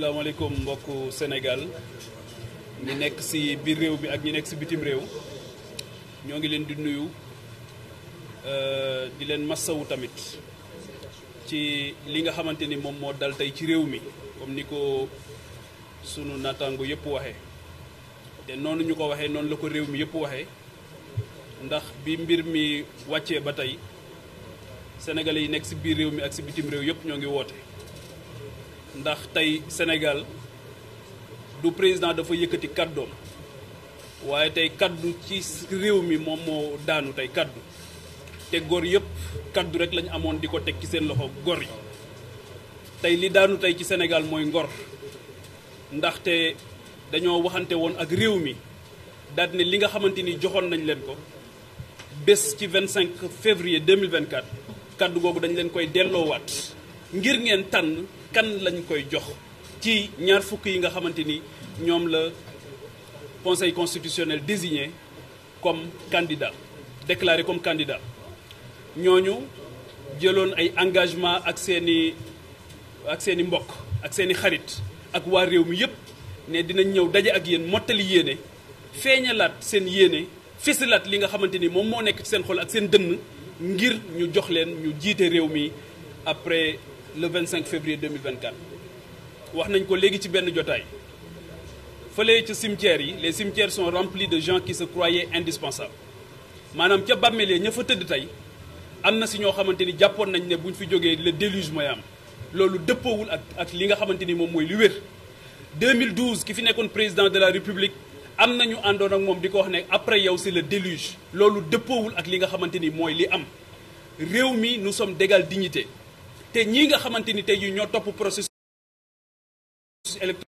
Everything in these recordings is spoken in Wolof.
asalaamaaleykum mbokk Sénégal ñi nekk si biir réew mi ak ñi nekk si bitim réew ñoo ngi leen di nuyu eh, di leen massawu tamit ci li nga xamante ni moom moo dal tey ci réew mi comme ni ko sunu naataango yëpp waxee te noonu ñu ko waxee noonu la ko réew mi yépp waxee ndax bi mbir mi wàccee ba tey sénégalais yi nekk si biir réew mi ak si bitim réew yëpp ñoo ngi woote. ndax tey Sénégal du président dafa yëkkati kàddoom waaye tey kàddu ci réew mi moom moo daanu tey kàddu te góor yëpp kàddu rek lañu amoon di ko teg ci seen loxo góor yi tey li daanu tey ci Sénégal mooy ngor ndaxte dañoo waxante woon ak réew mi daal ne li nga xamante ni joxoon nañ leen ko bés ci 25 février 2024 kaddu googu dañ leen koy delloowaat ngir ngeen tànn. kan lañ koy jox ci ñaar fukk yi nga xamante ni ñoom la conseil constitutionnel désigné comme candidat déclaré comme candidat ñooñu jëloon ay engagement ak seeni ak seeni mbokk ak seeni xarit ak waa réew mi yépp ne dinañ ñëw daje ak yéen mottali yéene feeñalaat seen yéene fisilaat li nga xamante ni moom moo nekk ci seen xol ak seen dënn ngir ñu jox leen ñu jiite réew mi après le 25 février 2024 wax nañ ko léegi ci benn jotaay fële ca cimetières yi les cimetières son remplis de gens qui se croyaient indispensables maanaam ca bàmmeel ña fa tëdd tey am na si ñoo xamante ni jàppoon nañ ne bu ñu fi jógee le déluge mooy am loolu dëppoowul ak ak li nga xamante ni moom mooy lu wér 2012 ki fi nekkoon président de la république am na ñu àndoon ak moom di ko wax ne après yow si le déluge loolu dëppoowul ak li nga xamante ni mooy li am réew mi nous sommes d'égale dignité te ñii nga xamante ni tey jii ñoo topp processus électoral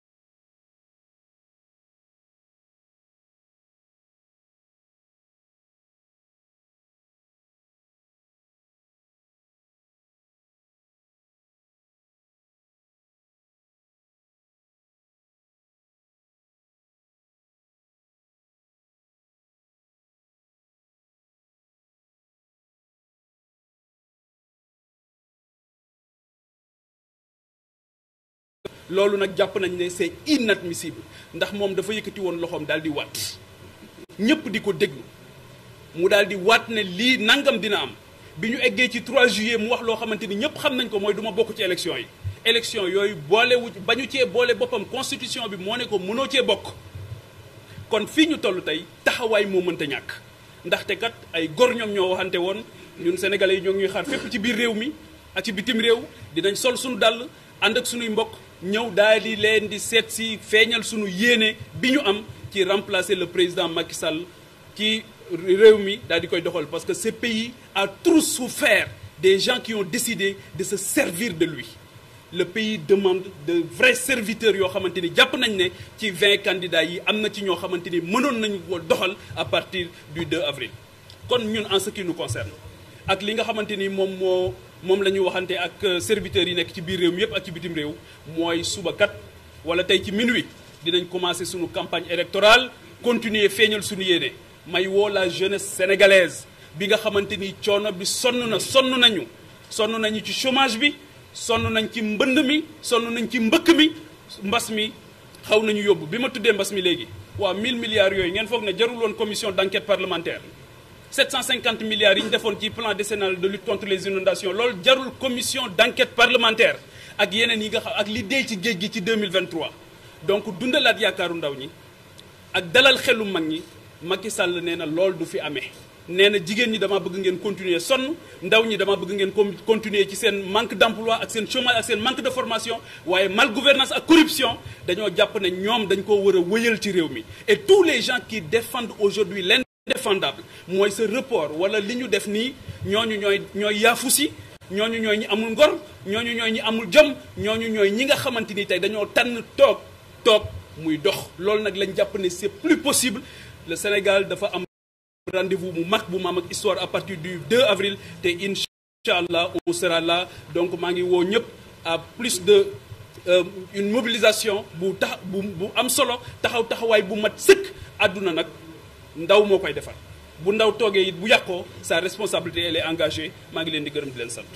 loolu nag jàpp nañ ne c'est inadmissible ndax moom dafa yëkkati woon loxoom daal di waat ñëpp di ko déglu mu daal di waat ne lii nangam dina am bi ñu eggee ci trois juillet mu wax loo xamante ni ñëpp xam nañ ko mooy duma ma bokk ci élection yi. élection yooyu boolewu ba ñu cee boole boppam constitution bi moo ne ko mënoo cee bokk kon fii ñu toll tey taxawaay moo mënta ñàkk ndaxte kat ay gor ñoom ñoo waxante woon ñun sénégalais yi ñoo ngi ñuy xaar fépp ci biir réew mi ci bitim réew dinañ sol suñu dàll ànd ak suñuy mbokk. ñëw daal di leen di seet si feeñal sunu yéene bi ñu am ci remplacer le président Macky Sall ci réew mi daal di koy doxal parce que ce pays a trop souffert des gens qui ont décidé de se servir de lui le pays demande de vrai serviteurs yoo xamante ni jàpp nañ ne ci vingt candidats yi am na ci ñoo xamante ni mënoon nañu ko doxal à partir du 2 avril kon ñun en ce qui nous concerne ak li nga xamante ni moom moo moom la ñu waxante ak euh, serviteurs yi nekk ci biir réew mi yëpp ak ci bitim réew mooy suba kat wala tey ci minuit dinañ commencé suñu campagne électorale continuer feeñal suñu yéene may woo la jeunesse sénégalaise bi nga xamante ni coono bi sonn na sonn nañu sonn nañu ci chomage bi sonn nañ ci mbënd mi sonn nañ ci mbëkk mi mbas mi xaw nañu yóbbu bi ma tuddee mbas mi léegi waa 1000 milliards yooyu ngeen foog ne jarul woon commission d'enquête parlementaire 750 milliards yi ñu defoon ci plan décennal de lutte contre les inondations loolu jarul commission d'enquête parlementaire ak yeneen yi nga xam ak li dee ci géej gi ci 2023 donc dundalaat yaakaaru ndaw ñi ak dalal xelu mag ñi Macky Sall nee na loolu du fi amee nee na jigéen ñi dama bëgg ngeen continuer sonn ndaw ñi dama bëgg ngeen continuer ci seen manque d'emploi ak seen chômage ak seen manque de formation waaye mal gouvernance ak corruption dañoo jàpp ne ñoom dañ ko war a wëyal ci réew mi et tous les gens qui défendent aujourd'hui défendable mooy sa report wala li ñu def nii ñooñu ñooy ñooy yaafu si ñooñu ñooy ñi amul ngor ñooñu ñooy ñi amul jom ñooñu ñooy ñi nga xamante ni tey dañoo tànn toog toog muy dox loolu nag lañ jàpp ni c'est plus possible le Sénégal dafa am rendez-vous mu mag bu maam ak histoire à partir du 2 avril te incha allah on sera là donc maa ngi woo ñëpp à plus de euh, une mobilisation bu tax bu bu am solo taxaw taxawaay bu mat sëkk àdduna nag ndaw moo koy defar bu ndaw toogee it bu yàqoo sa responsabilité elle est engagée maa ngi leen di gërëm di leen sant